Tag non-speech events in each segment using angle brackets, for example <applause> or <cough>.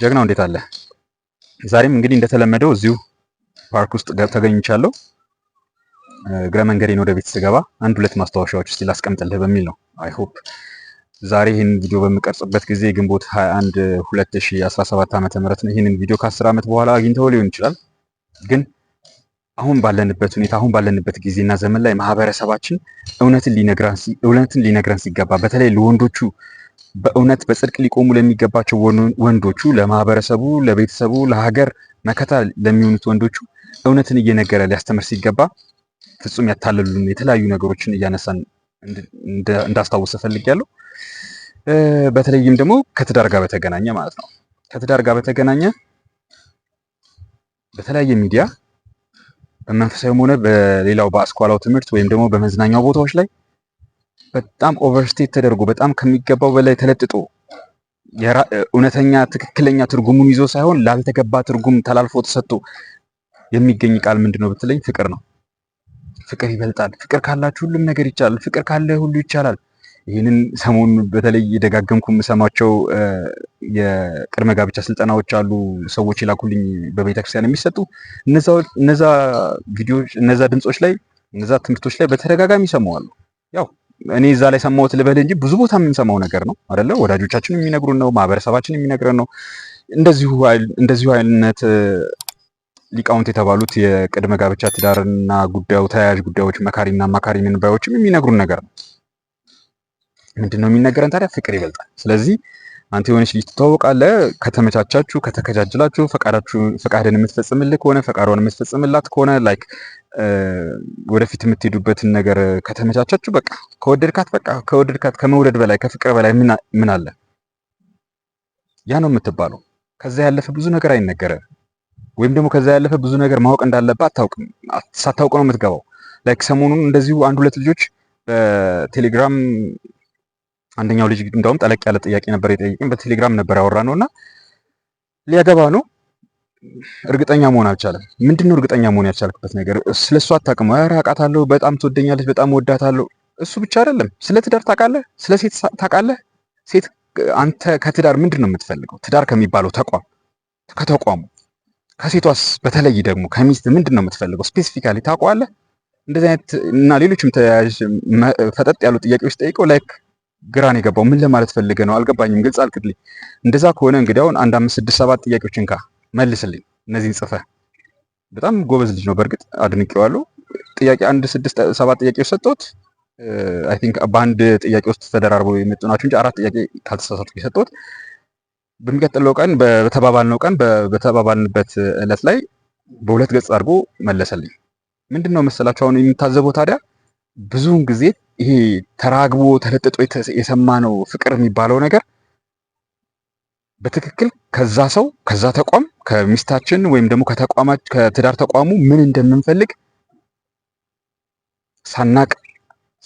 ጀግናው እንዴት አለ? ዛሬም እንግዲህ እንደተለመደው እዚሁ ፓርክ ውስጥ ተገኝቻለሁ። እግረ መንገዴን ወደ ቤት ስገባ አንድ ሁለት ማስታወሻዎች እስቲ ላስቀምጥልህ በሚል ነው። አይ ሆፕ ዛሬ ይህንን ቪዲዮ በምቀርጽበት ጊዜ ግንቦት 21 2017 ዓመተ ነው። ይህንን ቪዲዮ ከ10 ዓመት በኋላ አግኝተው ሊሆን ይችላል። ግን አሁን ባለንበት ሁኔታ አሁን ባለንበት ጊዜና ዘመን ላይ ማህበረሰባችን እውነትን ሊነግረን ሲገባ በተለይ ለወንዶቹ በእውነት በጽድቅ ሊቆሙ ለሚገባቸው ወንዶቹ፣ ለማህበረሰቡ፣ ለቤተሰቡ፣ ለሀገር መከታ ለሚሆኑት ወንዶቹ እውነትን እየነገረ ሊያስተምር ሲገባ ፍጹም ያታለሉን የተለያዩ ነገሮችን እያነሳን እንዳስታውሰ ፈልጊያለሁ። በተለይም ደግሞ ከትዳር ጋር በተገናኘ ማለት ነው። ከትዳር ጋር በተገናኘ በተለያየ ሚዲያ በመንፈሳዊም ሆነ በሌላው በአስኳላው ትምህርት ወይም ደግሞ በመዝናኛው ቦታዎች ላይ በጣም ኦቨርስቴት ተደርጎ በጣም ከሚገባው በላይ ተለጥጦ እውነተኛ ትክክለኛ ትርጉሙን ይዞ ሳይሆን ላልተገባ ትርጉም ተላልፎ ተሰጥቶ የሚገኝ ቃል ምንድን ነው ብትለኝ፣ ፍቅር ነው። ፍቅር ይበልጣል። ፍቅር ካላችሁ ሁሉም ነገር ይቻላል። ፍቅር ካለ ሁሉ ይቻላል። ይህንን ሰሞኑን በተለይ የደጋገምኩ የምሰማቸው የቅድመ ጋብቻ ስልጠናዎች አሉ። ሰዎች ይላኩልኝ በቤተክርስቲያን የሚሰጡ እነዛ ቪዲዮዎች፣ እነዛ ድምፆች ላይ እነዛ ትምህርቶች ላይ በተደጋጋሚ ይሰማዋሉ ያው እኔ እዛ ላይ ሰማሁት ልበል እንጂ ብዙ ቦታ የምንሰማው ነገር ነው አይደለ? ወዳጆቻችን የሚነግሩን ነው፣ ማህበረሰባችን የሚነግረን ነው። እንደዚሁ አይነት ሊቃውንት የተባሉት የቅድመ ጋብቻ ትዳርና ጉዳዩ ተያያዥ ጉዳዮች መካሪና አማካሪ ምንባዮችም የሚነግሩን ነገር ነው። ምንድን ነው የሚነገረን ታዲያ? ፍቅር ይበልጣል። ስለዚህ አንተ የሆነች ልጅ ትተዋወቃለህ። ከተመቻቻችሁ፣ ከተከጃጅላችሁ፣ ፈቃድን የምትፈጽምልህ ከሆነ ፈቃዷን የምትፈጽምላት ከሆነ ላይክ ወደፊት የምትሄዱበትን ነገር ከተመቻቻችሁ በቃ ከወደድካት በቃ ከወደድካት ከመውደድ በላይ ከፍቅር በላይ ምን አለ? ያ ነው የምትባለው። ከዛ ያለፈ ብዙ ነገር አይነገረ ወይም ደግሞ ከዛ ያለፈ ብዙ ነገር ማወቅ እንዳለባት አታውቅም። ሳታውቅ ነው የምትገባው። ላይክ ሰሞኑን እንደዚሁ አንድ ሁለት ልጆች በቴሌግራም አንደኛው ልጅ እንዳውም ጠለቅ ያለ ጥያቄ ነበር የጠየቀኝ። በቴሌግራም ነበር ያወራ ነው እና ሊያገባ ነው እርግጠኛ መሆን አልቻለም። ምንድን ነው እርግጠኛ መሆን ያልቻልክበት ነገር? ስለ እሷ አታውቅም? ኧረ አውቃታለሁ፣ በጣም ትወደኛለች፣ በጣም ወዳታለሁ። እሱ ብቻ አይደለም። ስለ ትዳር ታውቃለህ፣ ስለ ሴት ታውቃለህ። ሴት አንተ ከትዳር ምንድን ነው የምትፈልገው? ትዳር ከሚባለው ተቋም ከተቋሙ ከሴቷስ በተለይ ደግሞ ከሚስት ምንድን ነው የምትፈልገው? ስፔሲፊካሊ ታውቀዋለህ? እንደዚህ አይነት እና ሌሎችም ተያያዥ ፈጠጥ ያሉ ጥያቄዎች ጠይቀው ላይክ ግራን የገባው ምን ለማለት ፈልገ ነው አልገባኝም፣ ግልጽ አልክድልኝ። እንደዛ ከሆነ እንግዲህ አሁን አንድ አምስት ስድስት ሰባት ጥያቄዎችን ካ መልስልኝ እነዚህን ጽፈ በጣም ጎበዝ ልጅ ነው፣ በእርግጥ አድንቄዋለሁ። ጥያቄ አንድ ስድስት ሰባት ጥያቄዎች ሰጠሁት። አይ ቲንክ በአንድ ጥያቄ ውስጥ ተደራርበው የመጡ ናቸው እንጂ አራት ጥያቄ ካልተሳሳትኩ የሰጠሁት። በሚቀጥለው ቀን በተባባልነው ቀን በተባባልንበት እለት ላይ በሁለት ገጽ አድርጎ መለሰልኝ። ምንድን ነው መሰላችሁ አሁን የሚታዘበው ታዲያ ብዙውን ጊዜ ይሄ ተራግቦ ተለጥጦ ነው ፍቅር የሚባለው ነገር በትክክል ከዛ ሰው ከዛ ተቋም ከሚስታችን ወይም ደግሞ ከትዳር ተቋሙ ምን እንደምንፈልግ ሳናቅ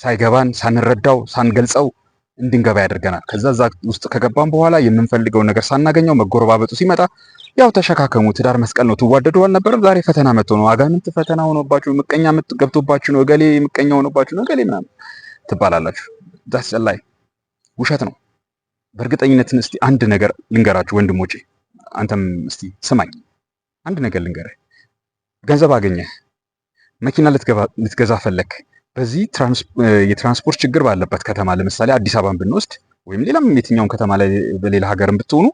ሳይገባን ሳንረዳው ሳንገልጸው እንድንገባ ያደርገናል። ከዛ እዛ ውስጥ ከገባን በኋላ የምንፈልገውን ነገር ሳናገኘው መጎረባበጡ ሲመጣ ያው ተሸካከሙ፣ ትዳር መስቀል ነው፣ ትዋደዱ አልነበረም። ዛሬ ፈተና መጥቶ ነው፣ አጋንንት ፈተና ሆኖባችሁ፣ ምቀኛ ገብቶባችሁ ነው፣ እገሌ ምቀኛ ሆኖባችሁ ነው፣ እገሌ ምናምን ትባላላችሁ። ዛስ ላይ ውሸት ነው። በእርግጠኝነትን እስቲ አንድ ነገር ልንገራችሁ ወንድሞቼ፣ አንተም እስቲ ስማኝ። አንድ ነገር ልንገርህ፣ ገንዘብ አገኘህ፣ መኪና ልትገዛ ፈለክ። በዚህ የትራንስፖርት ችግር ባለበት ከተማ ለምሳሌ አዲስ አበባን ብንወስድ ወይም ሌላም የትኛውን ከተማ ላይ በሌላ ሀገርን ብትሆኑ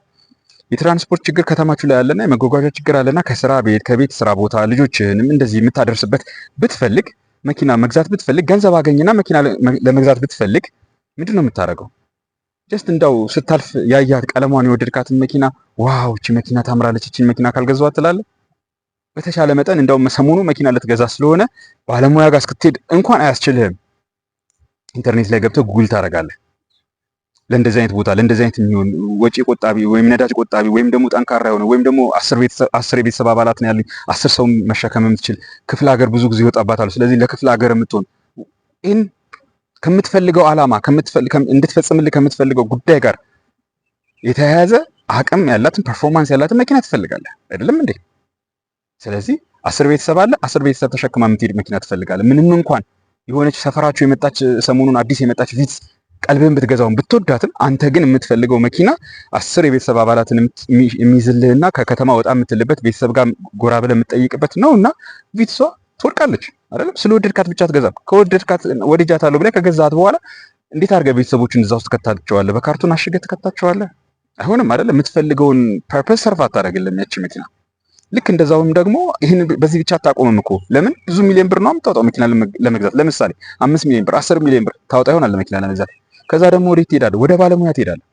የትራንስፖርት ችግር ከተማችሁ ላይ ያለና የመጓጓዣ ችግር አለና ከስራ ቤት ከቤት ስራ ቦታ ልጆችህንም እንደዚህ የምታደርስበት ብትፈልግ መኪና መግዛት ብትፈልግ ገንዘብ አገኝና መኪና ለመግዛት ብትፈልግ ምንድን ነው የምታደርገው? ጀስት እንደው ስታልፍ ያያት ቀለሟን የወደድካትን መኪና ዋው እቺ መኪና ታምራለች፣ እቺን መኪና ካልገዛዋት ትላለ። በተሻለ መጠን እንደውም ሰሞኑ መኪና ልትገዛ ስለሆነ ባለሙያ ጋር እስክትሄድ እንኳን አያስችልህም። ኢንተርኔት ላይ ገብተህ ጉግል ታደርጋለህ። ለእንደዚህ አይነት ቦታ ለእንደዚህ አይነት የሚሆን ወጪ ቆጣቢ ወይም ነዳጅ ቆጣቢ ወይም ደግሞ ጠንካራ የሆነ ወይም ደግሞ አስር የቤተሰብ አባላት ነው ያሉኝ አስር ሰው መሸከም የምትችል ክፍለ ሀገር ብዙ ጊዜ ይወጣባታሉ። ስለዚህ ለክፍለ ሀገር የምትሆን ይህን ከምትፈልገው ዓላማ እንድትፈጽምልህ ከምትፈልገው ጉዳይ ጋር የተያያዘ አቅም ያላትን ፐርፎርማንስ ያላትን መኪና ትፈልጋለህ አይደለም እንዴ? ስለዚህ አስር ቤተሰብ አለ። አስር ቤተሰብ ተሸክማ የምትሄድ መኪና ትፈልጋለህ። ምንም እንኳን የሆነች ሰፈራችሁ የመጣች ሰሞኑን አዲስ የመጣች ቪትስ ቀልብን ብትገዛውን ብትወዳትም አንተ ግን የምትፈልገው መኪና አስር የቤተሰብ አባላትን የሚይዝልህና ከከተማ ወጣ የምትልበት ቤተሰብ ጋር ጎራ ብለህ የምትጠይቅበት ነው እና ቪትሷ ትወድቃለች። አይደለም ስለወደድካት ብቻ አትገዛም። ከወደድካት ወድጃታለሁ ብለህ ከገዛት በኋላ እንዴት አድርገህ ቤተሰቦችን እዛ ውስጥ ትከታቸዋለህ? በካርቱን አሽገህ ትከታቸዋለህ? አይሆንም አይደለም። የምትፈልገውን ፐርፐስ ሰርፍ አታደርግልም ያቺ መኪና። ልክ እንደዛውም ደግሞ ይህን በዚህ ብቻ አታቆምም እኮ ለምን ብዙ ሚሊዮን ብር ነው የምታወጣው መኪና ለመግዛት። ለምሳሌ አምስት ሚሊዮን ብር አስር ሚሊዮን ብር ታወጣ ይሆናል ለመኪና ለመግዛት። ከዛ ደግሞ ወዴት ትሄዳለህ? ወደ ባለሙያ ትሄዳለህ።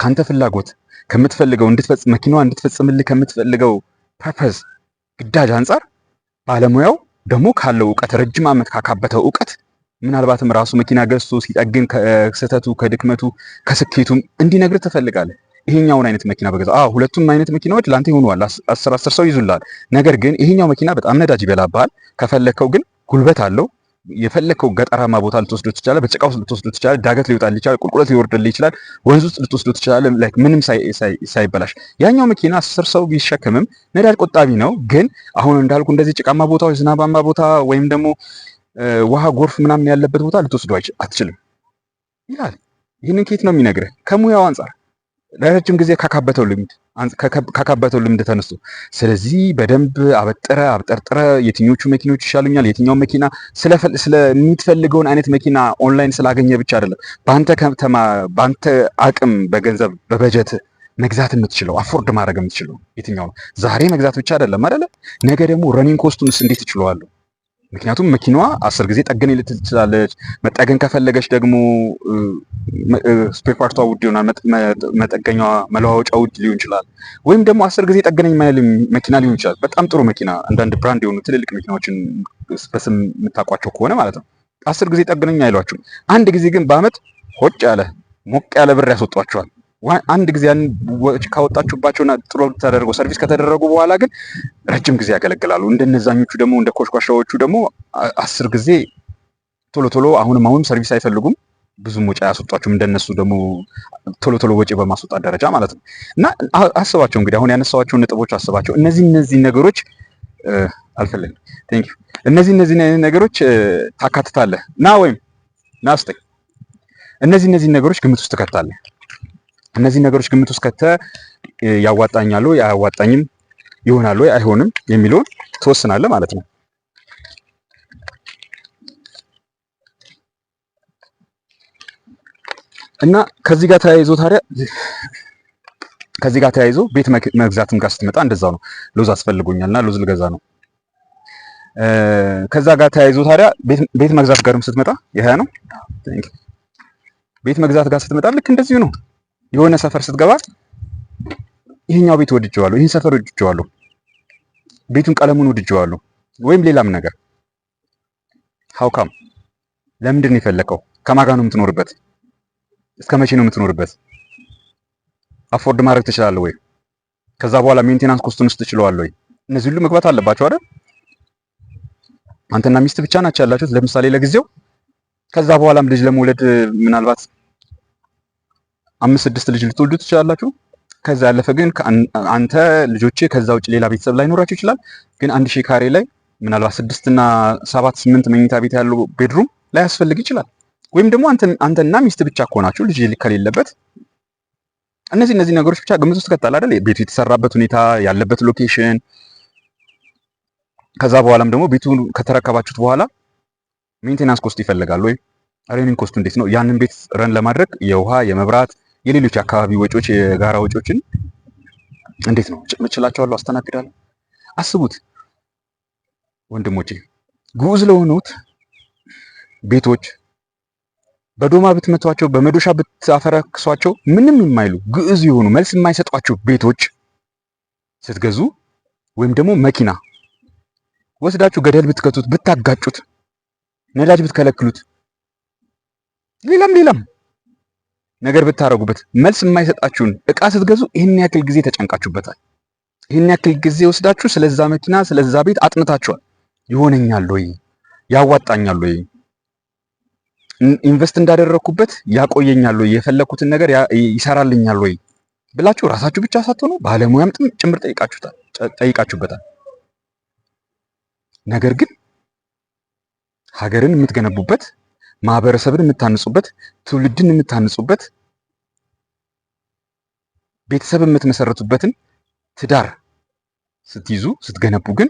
ከአንተ ፍላጎት ከምትፈልገው እንድትፈጽም መኪናዋ እንድትፈጽምልህ ከምትፈልገው ፐርፐስ ግዳጅ አንጻር ባለሙያው ደግሞ ካለው እውቀት ረጅም ዓመት ካካበተው እውቀት ምናልባትም ራሱ መኪና ገዝቶ ሲጠግን ከስህተቱ ከድክመቱ ከስኬቱም እንዲነግር ትፈልጋለህ። ይሄኛውን አይነት መኪና በገዛ አዎ፣ ሁለቱም አይነት መኪናዎች ለአንተ ይሆኑዋል። አስር አስር ሰው ይዙላል። ነገር ግን ይሄኛው መኪና በጣም ነዳጅ ይበላብሃል። ከፈለግከው ግን ጉልበት አለው የፈለከው ገጠራማ ቦታ ልትወስዶ ትችላለ፣ በጭቃ ውስጥ ልትወስዶ ትችላለ፣ ዳገት ሊወጣል ይችላል፣ ቁልቁለት ሊወርድል ይችላል፣ ወንዝ ውስጥ ልትወስዶ ትችላለ፣ ምንም ሳይበላሽ። ያኛው መኪና አስር ሰው ቢሸከምም ነዳጅ ቆጣቢ ነው። ግን አሁን እንዳልኩ እንደዚህ ጭቃማ ቦታዎች፣ ዝናባማ ቦታ ወይም ደግሞ ውሃ፣ ጎርፍ ምናምን ያለበት ቦታ ልትወስዶ አትችልም ይላል። ይህንን ኬት ነው የሚነግርህ? ከሙያው አንጻር ለረጅም ጊዜ ካካበተው ልምድ ካካበተው ልምድ ተነስቶ ስለዚህ በደንብ አበጠረ አብጠርጥረ የትኞቹ መኪኖች ይሻሉኛል፣ የትኛው መኪና ስለምትፈልገውን አይነት መኪና ኦንላይን ስላገኘ ብቻ አይደለም። በአንተ ከተማ በአንተ አቅም በገንዘብ በበጀት መግዛት የምትችለው አፎርድ ማድረግ የምትችለው የትኛው ነው? ዛሬ መግዛት ብቻ አይደለም አይደለ? ነገ ደግሞ ረኒንግ ኮስቱንስ እንዴት ይችለዋለሁ? ምክንያቱም መኪናዋ አስር ጊዜ ጠገኔ ልትል ትችላለች። መጠገን ከፈለገች ደግሞ ስፔርፓርቷ ውድ ይሆናል። መጠገኛዋ መለዋወጫ ውድ ሊሆን ይችላል። ወይም ደግሞ አስር ጊዜ ጠገነኝ ማይል መኪና ሊሆን ይችላል። በጣም ጥሩ መኪና፣ አንዳንድ ብራንድ የሆኑ ትልልቅ መኪናዎችን በስም የምታውቋቸው ከሆነ ማለት ነው። አስር ጊዜ ጠገነኝ አይሏችሁም። አንድ ጊዜ ግን በአመት ሆጭ ያለ ሞቅ ያለ ብር ያስወጧቸዋል። አንድ ጊዜ ካወጣችሁባቸውና ጥሎ ተደርጎ ሰርቪስ ከተደረጉ በኋላ ግን ረጅም ጊዜ ያገለግላሉ። እንደነዛኞቹ ደግሞ እንደ ኮሽኳሻዎቹ ደግሞ አስር ጊዜ ቶሎ ቶሎ አሁንም አሁንም ሰርቪስ አይፈልጉም። ብዙም ወጪ አያስወጧቸውም። እንደነሱ ደግሞ ቶሎ ቶሎ ወጪ በማስወጣት ደረጃ ማለት ነው። እና አስባቸው እንግዲህ አሁን ያነሳዋቸውን ነጥቦች አስባቸው። እነዚህ እነዚህ ነገሮች አልፈለግም። ቴንክ ዩ። እነዚህ እነዚህ ነገሮች ታካትታለህ ና ወይም ናስጠኝ እነዚህ እነዚህ ነገሮች ግምት ውስጥ ትከታለህ። እነዚህ ነገሮች ግምት ውስጥ ከተ ያዋጣኛሉ ያዋጣኝም ይሆናል ወይ አይሆንም የሚለውን ትወስናለህ ማለት ነው። እና ከዚህ ጋር ተያይዞ ታዲያ ከዚህ ጋር ተያይዞ ቤት መግዛትም ጋር ስትመጣ እንደዛው ነው። ሎዝ አስፈልጎኛልና ሎዝ ልገዛ ነው። ከዛ ጋር ተያይዞ ታዲያ ቤት መግዛት ጋርም ስትመጣ ይሄ ነው ቤት መግዛት ጋር ስትመጣ ልክ እንደዚሁ ነው። የሆነ ሰፈር ስትገባ ይሄኛው ቤት ወድጀዋለሁ፣ ይህን ሰፈር ወድጀዋለሁ፣ ቤቱን ቀለሙን ወድጀዋለሁ ወይም ሌላም ነገር ሀውካም ለምንድን ነው የፈለከው? ከማጋ ነው የምትኖርበት? እስከ መቼ ነው የምትኖርበት? አፎርድ ማድረግ ትችላለህ ወይ? ከዛ በኋላ ሜንቴናንስ ኮስቱን ውስጥ ትችላለህ ወይ? እነዚህ ሁሉ መግባት አለባቸው አይደል? አንተና ሚስት ብቻ ናቸው ያላችሁት፣ ለምሳሌ ለጊዜው። ከዛ በኋላም ልጅ ለመውለድ ምናልባት አምስት ስድስት ልጅ ልትወልዱ ትችላላችሁ። ከዛ ያለፈ ግን አንተ ልጆቼ ከዛ ውጭ ሌላ ቤተሰብ ላይኖራችሁ ይችላል። ግን አንድ ሺህ ካሬ ላይ ምናልባት ስድስትና ሰባት ስምንት መኝታ ቤት ያለው ቤድሩም ላያስፈልግ ይችላል። ወይም ደግሞ አንተና ሚስት ብቻ ከሆናችሁ ልጅ ከሌለበት እነዚህ እነዚህ ነገሮች ብቻ ግምት ውስጥ ከተጣለ አይደል ቤቱ የተሰራበት ሁኔታ ያለበት ሎኬሽን ከዛ በኋላም ደግሞ ቤቱ ከተረከባችሁት በኋላ ሜንቴናንስ ኮስት ይፈልጋል ወይ ሬኒንግ ኮስቱ እንዴት ነው? ያንን ቤት ረን ለማድረግ የውሃ የመብራት የሌሎች አካባቢ ወጪዎች የጋራ ወጪዎችን እንዴት ነው እችላቸዋለሁ፣ አስተናግዳለሁ። አስቡት ወንድሞቼ፣ ግዑዝ ለሆኑት ቤቶች በዶማ ብትመቷቸው፣ በመዶሻ ብታፈረክሷቸው ምንም የማይሉ ግዕዝ የሆኑ መልስ የማይሰጧቸው ቤቶች ስትገዙ ወይም ደግሞ መኪና ወስዳችሁ ገደል ብትከቱት፣ ብታጋጩት፣ ነዳጅ ብትከለክሉት፣ ሌላም ሌላም ነገር ብታደረጉበት መልስ የማይሰጣችሁን እቃ ስትገዙ ይህን ያክል ጊዜ ተጨንቃችሁበታል። ይህን ያክል ጊዜ ወስዳችሁ ስለዛ መኪና ስለዛ ቤት አጥንታችኋል። ይሆነኛል ወይ ያዋጣኛል ወይ ኢንቨስት እንዳደረግኩበት ያቆየኛል ወይ የፈለግኩትን ነገር ይሰራልኛል ወይ ብላችሁ ራሳችሁ ብቻ ሳትሆኑ ባለሙያም ጭምር ጠይቃችሁበታል። ነገር ግን ሀገርን የምትገነቡበት ማህበረሰብን የምታንጹበት፣ ትውልድን የምታንጹበት፣ ቤተሰብ የምትመሰርቱበትን ትዳር ስትይዙ ስትገነቡ ግን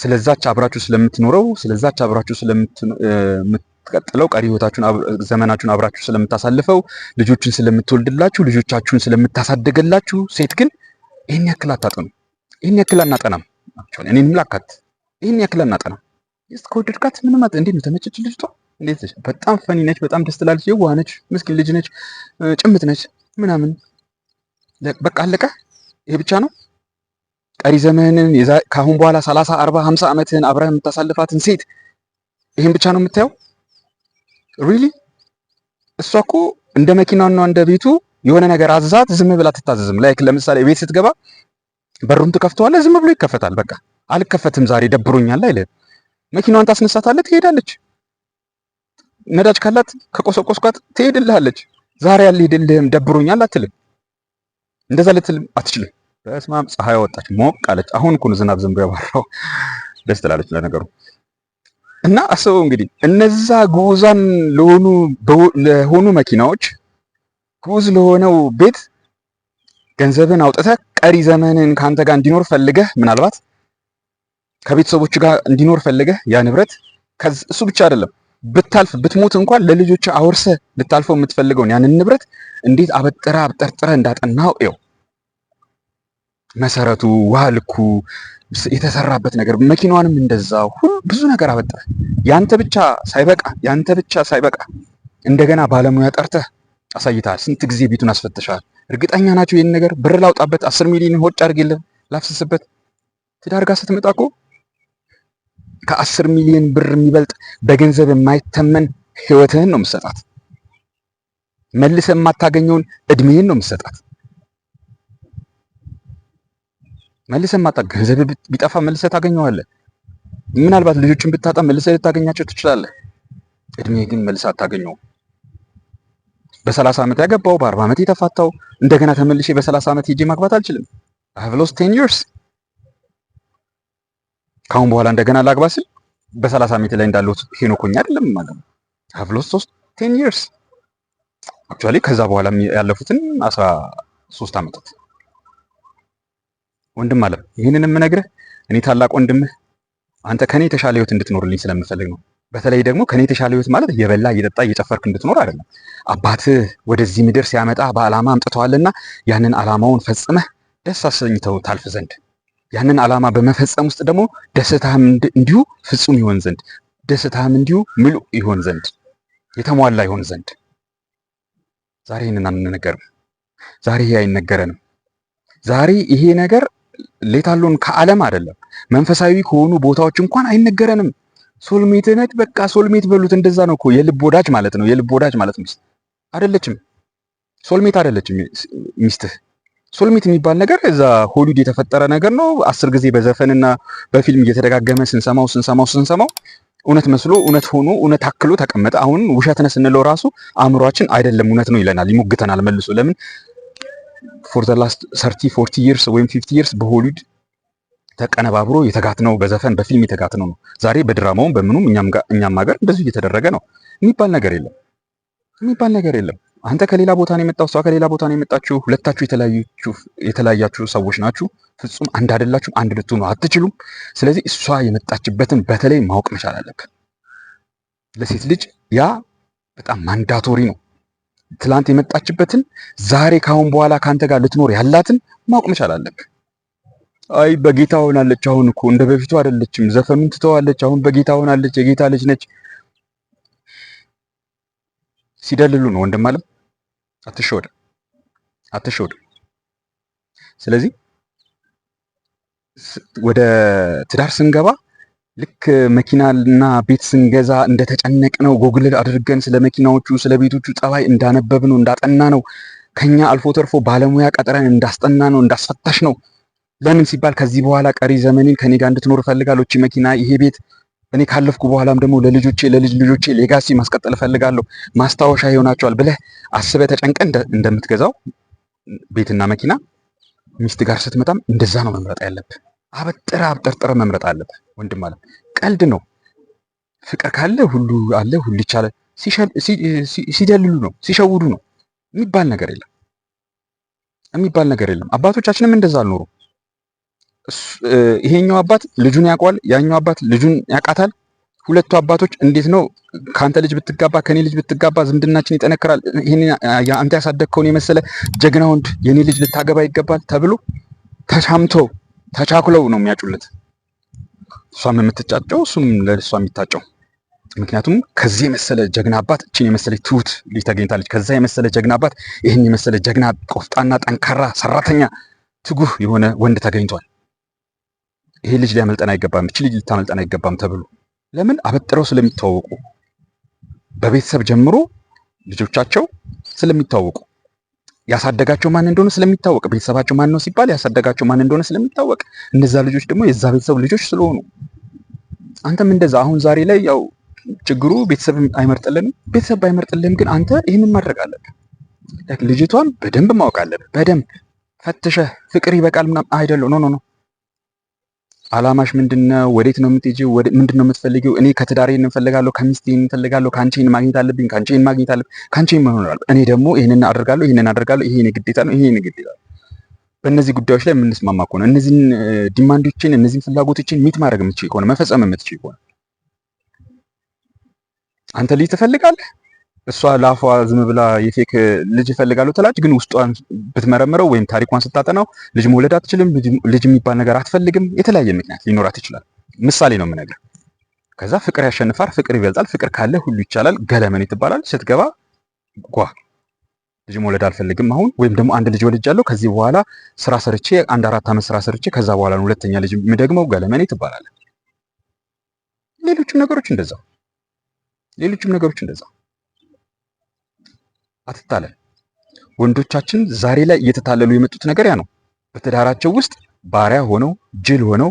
ስለዛች አብራችሁ ስለምትኖረው ስለዛች አብራችሁ ስለምትቀጥለው ቀሪ ህይወታችሁን ዘመናችሁን አብራችሁ ስለምታሳልፈው ልጆችን ስለምትወልድላችሁ ልጆቻችሁን ስለምታሳደገላችሁ ሴት ግን ይህን ያክል አታጠኑ። ይህን ያክል አናጠናም። እኔንም ላካት። ይህን ያክል አናጠናም። ስ ከወደድካት ምን ማለት እንዴት ነው? ተመቸች ልጅቷ? እንዴት ነች? በጣም ፈኒ ነች። በጣም ደስ ትላለች። የዋህ ነች። ምስኪን ልጅ ነች። ጭምት ነች ምናምን። በቃ አለቀ። ይሄ ብቻ ነው። ቀሪ ዘመንን ከአሁን በኋላ ሰላሳ አርባ ሀምሳ ዓመትን አብረህ የምታሳልፋትን ሴት ይህን ብቻ ነው የምታየው? ሪሊ እሷ እኮ እንደ መኪናና እንደ ቤቱ የሆነ ነገር አዛት ዝም ብላ ትታዘዝም። ላይክ ለምሳሌ ቤት ስትገባ በሩን ትከፍተዋለህ፣ ዝም ብሎ ይከፈታል። በቃ አልከፈትም ዛሬ ደብሮኛል አይልም። መኪናዋን ታስነሳታለህ፣ ትሄዳለች። ነዳጅ ካላት ከቆሰቆስኳት ትሄድልሃለች። ዛሬ አልሄድልህም ደብሮኛል አትልም። እንደዛ ልትልም አትችልም። በስመ አብ ፀሐይ ወጣች፣ ሞቅ አለች። አሁን እኮ ነው ዝናብ ዘንቦ ያባራው። <laughs> ደስ ትላለች ለነገሩ። እና አስበው እንግዲህ እነዛ ጉዛን ለሆኑ መኪናዎች ጉዝ ለሆነው ቤት ገንዘብን አውጥተህ ቀሪ ዘመንን ከአንተ ጋር እንዲኖር ፈልገህ ምናልባት ከቤተሰቦቹ ጋር እንዲኖር ፈልገህ ያ ንብረት እሱ ብቻ አይደለም ብታልፍ ብትሞት እንኳን ለልጆች አወርሰ ልታልፈው የምትፈልገውን ያንን ንብረት እንዴት አበጥረ አብጠርጥረ እንዳጠናው ው መሰረቱ፣ ውሃ ልኩ፣ የተሰራበት ነገር መኪናዋንም እንደዛ ብዙ ነገር አበጥረ ያንተ ብቻ ሳይበቃ ያንተ ብቻ ሳይበቃ እንደገና ባለሙያ ጠርተህ አሳይተሃል። ስንት ጊዜ ቤቱን አስፈትሻል። እርግጠኛ ናቸው ይህን ነገር ብር ላውጣበት፣ አስር ሚሊዮን ሆጭ አድርግ የለም ላፍስስበት። ትዳርጋ ስትመጣ እኮ ከአስር ሚሊዮን ብር የሚበልጥ በገንዘብ የማይተመን ህይወትህን ነው የምትሰጣት። መልሰ የማታገኘውን እድሜህን ነው የምትሰጣት። መልሰ ማጣ ገንዘብ ቢጠፋ መልሰ ታገኘዋለህ። ምናልባት ልጆችን ብታጣ መልሰ ልታገኛቸው ትችላለህ። እድሜ ግን መልሰ አታገኘውም። በሰላሳ ዓመት ያገባው በአርባ ዓመት የተፋታው እንደገና ተመልሼ በሰላሳ ዓመት ሄጄ ማግባት አልችልም። I have lost 10 years ካሁን በኋላ እንደገና ላግባ ስል በሰላሳ ዓመቴ ላይ እንዳለሁት ሄኖክ ሆኜ አይደለም ማለት ነው። ሀቭ ሎስት ሶስት ቴን ይርስ አክቹዋሊ ከዛ በኋላ ያለፉትን አስራ ሶስት ዓመታት ወንድም አለም ይህንን የምነግርህ እኔ ታላቅ ወንድምህ አንተ ከኔ የተሻለ ህይወት እንድትኖርልኝ ስለምፈልግ ነው። በተለይ ደግሞ ከኔ የተሻለ ህይወት ማለት እየበላ እየጠጣ እየጨፈርክ እንድትኖር አይደለም። አባትህ ወደዚህ ምድር ሲያመጣ በዓላማ አምጥተዋልና ያንን ዓላማውን ፈጽመህ ደስ አሰኝተው ታልፍ ዘንድ ያንን ዓላማ በመፈጸም ውስጥ ደግሞ ደስታህም እንዲሁ ፍጹም ይሆን ዘንድ ደስታህም እንዲሁ ምሉ ይሆን ዘንድ የተሟላ ይሆን ዘንድ ዛሬ ይህንን አንነገርም። ዛሬ ይሄ አይነገረንም። ዛሬ ይሄ ነገር ሌታሎን ከዓለም አይደለም መንፈሳዊ ከሆኑ ቦታዎች እንኳን አይነገረንም። ሶልሜት ነች፣ በቃ ሶልሜት በሉት። እንደዛ ነው እኮ የልብ ወዳጅ ማለት ነው። የልብ ወዳጅ ማለት ሚስት አይደለችም። ሶልሜት አይደለችም ሚስትህ ሶልሜት የሚባል ነገር እዛ ሆሊውድ የተፈጠረ ነገር ነው። አስር ጊዜ በዘፈንና በፊልም እየተደጋገመ ስንሰማው ስንሰማው ስንሰማው እውነት መስሎ እውነት ሆኖ እውነት አክሎ ተቀመጠ። አሁን ውሸት ስንለው ራሱ አእምሯችን አይደለም እውነት ነው ይለናል፣ ይሞግተናል መልሶ። ለምን ፎር ዘ ላስት ሰርቲ ፎርቲ ይርስ ወይም ፊፍቲ ይርስ በሆሊውድ ተቀነባብሮ የተጋትነው በዘፈን በፊልም የተጋትነው ነው። ዛሬ በድራማውም በምኑም እኛም ሀገር እንደዚሁ እየተደረገ ነው። የሚባል ነገር የለም የሚባል ነገር የለም። አንተ ከሌላ ቦታ ነው የመጣው፣ እሷ ከሌላ ቦታ ነው የመጣችሁ። ሁለታችሁ የተለያያችሁ ሰዎች ናችሁ። ፍጹም አንድ አይደላችሁም። አንድ ልትሆኑ አትችሉም። ስለዚህ እሷ የመጣችበትን በተለይ ማወቅ መቻል አለብህ። ለሴት ልጅ ያ በጣም ማንዳቶሪ ነው። ትላንት የመጣችበትን ዛሬ ካሁን በኋላ ከአንተ ጋር ልትኖር ያላትን ማወቅ መቻል አለብህ። አይ በጌታ ሆናለች፣ አሁን እኮ እንደ በፊቱ አይደለችም፣ ዘፈኑን ትተዋለች፣ አሁን በጌታ ሆናለች፣ የጌታ ልጅ ነች ሲደልሉ ነው ወንድም አለም አትሸወድ አትሸወድ ስለዚህ ወደ ትዳር ስንገባ ልክ መኪናና ቤት ስንገዛ እንደተጨነቅ ነው ጎግል አድርገን ስለ መኪናዎቹ ስለ ቤቶቹ ጠባይ እንዳነበብ ነው እንዳጠና ነው ከኛ አልፎ ተርፎ ባለሙያ ቀጥረን እንዳስጠና ነው እንዳስፈታሽ ነው ለምን ሲባል ከዚህ በኋላ ቀሪ ዘመኔን ከኔ ጋር እንድትኖር እፈልጋለሁ እቺ መኪና ይሄ ቤት እኔ ካለፍኩ በኋላም ደግሞ ለልጆቼ ለልጅ ልጆቼ ሌጋሲ ማስቀጠል እፈልጋለሁ ማስታወሻ ይሆናቸዋል ብለህ አስበህ ተጨንቀ እንደምትገዛው ቤትና መኪና ሚስት ጋር ስትመጣም እንደዛ ነው መምረጥ ያለብህ። አበጥረ አብጠርጥረ መምረጥ አለብህ። ወንድም ማለት ቀልድ ነው። ፍቅር ካለ ሁሉ አለ፣ ሁሉ ይቻላል። ሲደልሉ ነው ሲሸውዱ ነው የሚባል ነገር የለም የሚባል ነገር የለም። አባቶቻችንም እንደዛ አልኖሩም። ይሄኛው አባት ልጁን ያውቀዋል፣ ያኛው አባት ልጁን ያውቃታል። ሁለቱ አባቶች እንዴት ነው ከአንተ ልጅ ብትጋባ ከኔ ልጅ ብትጋባ ዝምድናችን ይጠነክራል፣ ይህ አንተ ያሳደግከውን የመሰለ ጀግና ወንድ የኔ ልጅ ልታገባ ይገባል ተብሎ ተሻምተው ተቻኩለው ነው የሚያጩለት። እሷም የምትጫጨው እሱም ለእሷ የሚታጨው ምክንያቱም ከዚህ የመሰለ ጀግና አባት እችን የመሰለ ትሁት ልጅ ተገኝታለች። ከዛ የመሰለ ጀግና አባት ይህን የመሰለ ጀግና ቆፍጣና፣ ጠንካራ ሰራተኛ፣ ትጉህ የሆነ ወንድ ተገኝቷል። ይሄ ልጅ ሊያመልጠን አይገባም፣ እቺ ልጅ ልታመልጠን አይገባም ተብሎ ለምን አበጥረው ስለሚታወቁ በቤተሰብ ጀምሮ ልጆቻቸው ስለሚታወቁ ያሳደጋቸው ማን እንደሆነ ስለሚታወቅ ቤተሰባቸው ማን ነው ሲባል ያሳደጋቸው ማን እንደሆነ ስለሚታወቅ እነዛ ልጆች ደግሞ የዛ ቤተሰብ ልጆች ስለሆኑ አንተም እንደዛ አሁን ዛሬ ላይ ያው ችግሩ ቤተሰብ አይመርጥልንም። ቤተሰብ አይመርጥልንም፣ ግን አንተ ይህንን ማድረግ አለብህ። ልጅቷን በደንብ ማወቅ አለብህ። በደንብ ፈትሸህ ፍቅር ይበቃል ምናምን አይደለው። ኖ ኖ ኖ አላማሽ ምንድን ነው? ወዴት ነው የምትሄጂው? ምንድን ነው የምትፈልጊው? እኔ ከትዳሬ እንፈልጋለሁ፣ ከሚስቴ እንፈልጋለሁ፣ ከአንቺን ማግኘት አለብኝ፣ ከአንቺን ማግኘት አለብኝ፣ ከአንቺን መሆን አለብኝ። እኔ ደግሞ ይህንን አደርጋለሁ፣ ይህንን አደርጋለሁ፣ ይሄ ግዴታ ነው፣ ይሄ ግዴታ በእነዚህ ጉዳዮች ላይ የምንስማማ ከሆነ እነዚህን ዲማንዶችን እነዚህን ፍላጎቶችን ሚት ማድረግ የምትችል ከሆነ መፈጸም የምትችል ከሆነ አንተ ልጅ ትፈልጋለህ እሷ ለአፏ ዝም ብላ የፌክ ልጅ ይፈልጋሉ ትላለች። ግን ውስጧን ብትመረምረው ወይም ታሪኳን ስታጠናው ልጅ መውለድ አትችልም፣ ልጅ የሚባል ነገር አትፈልግም። የተለያየ ምክንያት ሊኖራት ይችላል። ምሳሌ ነው የምነግር። ከዛ ፍቅር ያሸንፋል፣ ፍቅር ይበልጣል፣ ፍቅር ካለ ሁሉ ይቻላል። ገለመኔ ትባላለች። ስትገባ ጓ ልጅ መውለድ አልፈልግም አሁን ወይም ደግሞ አንድ ልጅ ወልጃለሁ፣ ከዚህ በኋላ ስራ ሰርቼ አንድ አራት ዓመት ስራ ሰርቼ ከዛ በኋላ ነው ሁለተኛ ልጅ የምደግመው። ገለመኔ ትባላለች። ሌሎችም ነገሮች እንደዛው ሌሎችም ነገሮች እንደዛው አትታለል። ወንዶቻችን ዛሬ ላይ እየተታለሉ የመጡት ነገር ያ ነው። በትዳራቸው ውስጥ ባሪያ ሆነው ጅል ሆነው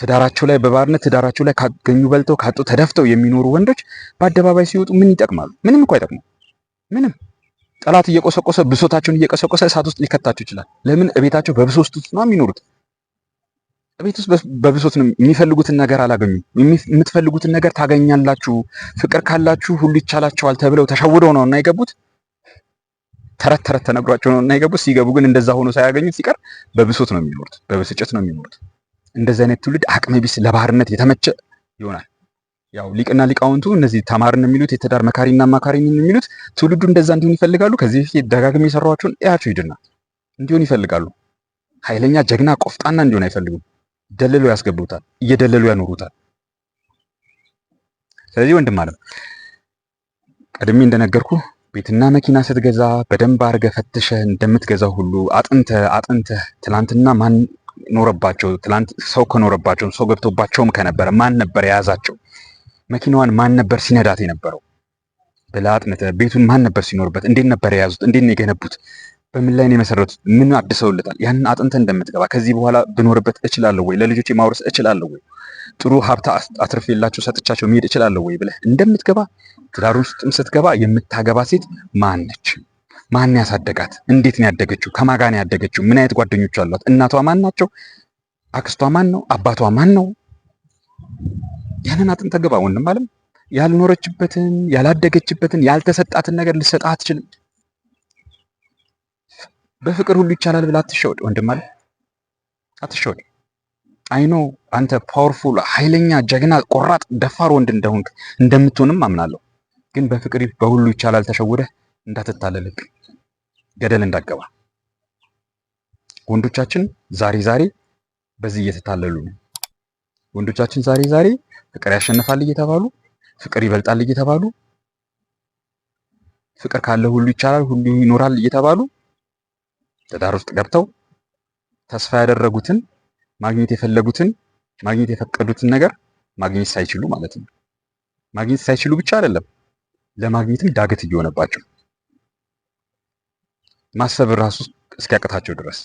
ትዳራቸው ላይ በባርነት ትዳራቸው ላይ ካገኙ በልተው ካጡ ተደፍተው የሚኖሩ ወንዶች በአደባባይ ሲወጡ ምን ይጠቅማሉ? ምንም እኮ ይጠቅማሉ ምንም ጠላት እየቆሰቆሰ ብሶታቸውን እየቆሰቆሰ እሳት ውስጥ ሊከታቸው ይችላል። ለምን? እቤታቸው በብሶት ውስጥ ነው የሚኖሩት። ቤት ውስጥ በብሶት ነው የሚፈልጉትን ነገር አላገኙም። የምትፈልጉትን ነገር ታገኛላችሁ፣ ፍቅር ካላችሁ ሁሉ ይቻላቸዋል ተብለው ተሸውደው ነው እና የገቡት ተረት ተረት ተነግሯቸው ነው እና የገቡ ሲገቡ ግን እንደዛ ሆኖ ሳያገኙት ሲቀር በብሶት ነው የሚኖሩት፣ በብስጭት ነው የሚኖሩት። እንደዚህ አይነት ትውልድ አቅመ ቢስ ለባህርነት የተመቸ ይሆናል። ያው ሊቅና ሊቃውንቱ እነዚህ ተማርን የሚሉት የትዳር መካሪና አማካሪ የሚሉት ትውልዱ እንደዛ እንዲሆን ይፈልጋሉ። ከዚህ በፊት ደጋግሜ የሰሯቸውን እያቸው ሂድና እንዲሆን ይፈልጋሉ። ኃይለኛ ጀግና፣ ቆፍጣና እንዲሆን አይፈልጉም። ደልለው ያስገቡታል፣ እየደለሉ ያኖሩታል። ስለዚህ ወንድም አለም ቀድሜ እንደነገርኩ ቤትና መኪና ስትገዛ በደንብ አድርገህ ፈትሸህ እንደምትገዛው ሁሉ አጥንተህ አጥንተህ ትላንትና ማን ኖረባቸው ትላንት ሰው ከኖረባቸው ሰው ገብቶባቸውም ከነበረ ማን ነበር የያዛቸው? መኪናዋን ማን ነበር ሲነዳት የነበረው? ብለህ አጥንተህ ቤቱን ማን ነበር ሲኖርበት? እንዴት ነበር የያዙት? እንዴት ነው የገነቡት? በምን ላይ ነው የመሰረቱት? ምን አድሰውለታል? ያንን አጥንተህ እንደምትገባ ከዚህ በኋላ ብኖርበት እችላለሁ ወይ? ለልጆቼ ማውረስ እችላለሁ ወይ? ጥሩ ሀብታ አትርፌላቸው ሰጥቻቸው መሄድ እችላለሁ ወይ ብለህ እንደምትገባ ትዳር ውስጥም ስትገባ የምታገባ ሴት ማን ነች? ማን ያሳደጋት? እንዴት ነው ያደገችው? ከማጋ ነው ያደገችው? ምን አይነት ጓደኞች አሏት? እናቷ ማን ናቸው? አክስቷ ማን ነው? አባቷ ማን ነው? ያንን አጥንተህ ግባ። ወንድም አለም ያልኖረችበትን ያላደገችበትን ያልተሰጣትን ነገር ልሰጣ አትችልም። በፍቅር ሁሉ ይቻላል ብላ አትሸወድ ወንድም አለም አትሸወድ። አይኖ አንተ ፓወርፉል፣ ኃይለኛ፣ ጀግና፣ ቆራጥ፣ ደፋር ወንድ እንደሆንክ እንደምትሆንም አምናለሁ። ግን በፍቅሪ በሁሉ ይቻላል ተሸውደህ እንዳትታለልክ ገደል እንዳገባ። ወንዶቻችን ዛሬ ዛሬ በዚህ እየተታለሉ ነው። ወንዶቻችን ዛሬ ዛሬ ፍቅር ያሸንፋል እየተባሉ ፍቅር ይበልጣል እየተባሉ ፍቅር ካለ ሁሉ ይቻላል ሁሉ ይኖራል እየተባሉ ትዳር ውስጥ ገብተው ተስፋ ያደረጉትን ማግኘት የፈለጉትን ማግኘት የፈቀዱትን ነገር ማግኘት ሳይችሉ ማለት ነው። ማግኘት ሳይችሉ ብቻ አይደለም ለማግኘትም ዳገት እየሆነባቸው ማሰብ ራሱ እስኪያቅታቸው ድረስ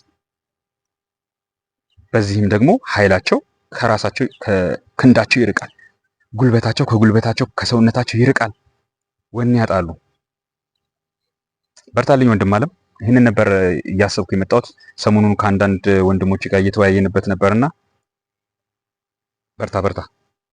በዚህም ደግሞ ኃይላቸው ከራሳቸው ከክንዳቸው ይርቃል። ጉልበታቸው ከጉልበታቸው ከሰውነታቸው ይርቃል። ወኔ ያጣሉ። በርታልኝ ወንድም አለም ይህንን ነበር እያሰብኩ የመጣሁት። ሰሞኑን ከአንዳንድ ወንድሞች ጋር እየተወያየንበት ነበርና በርታ በርታ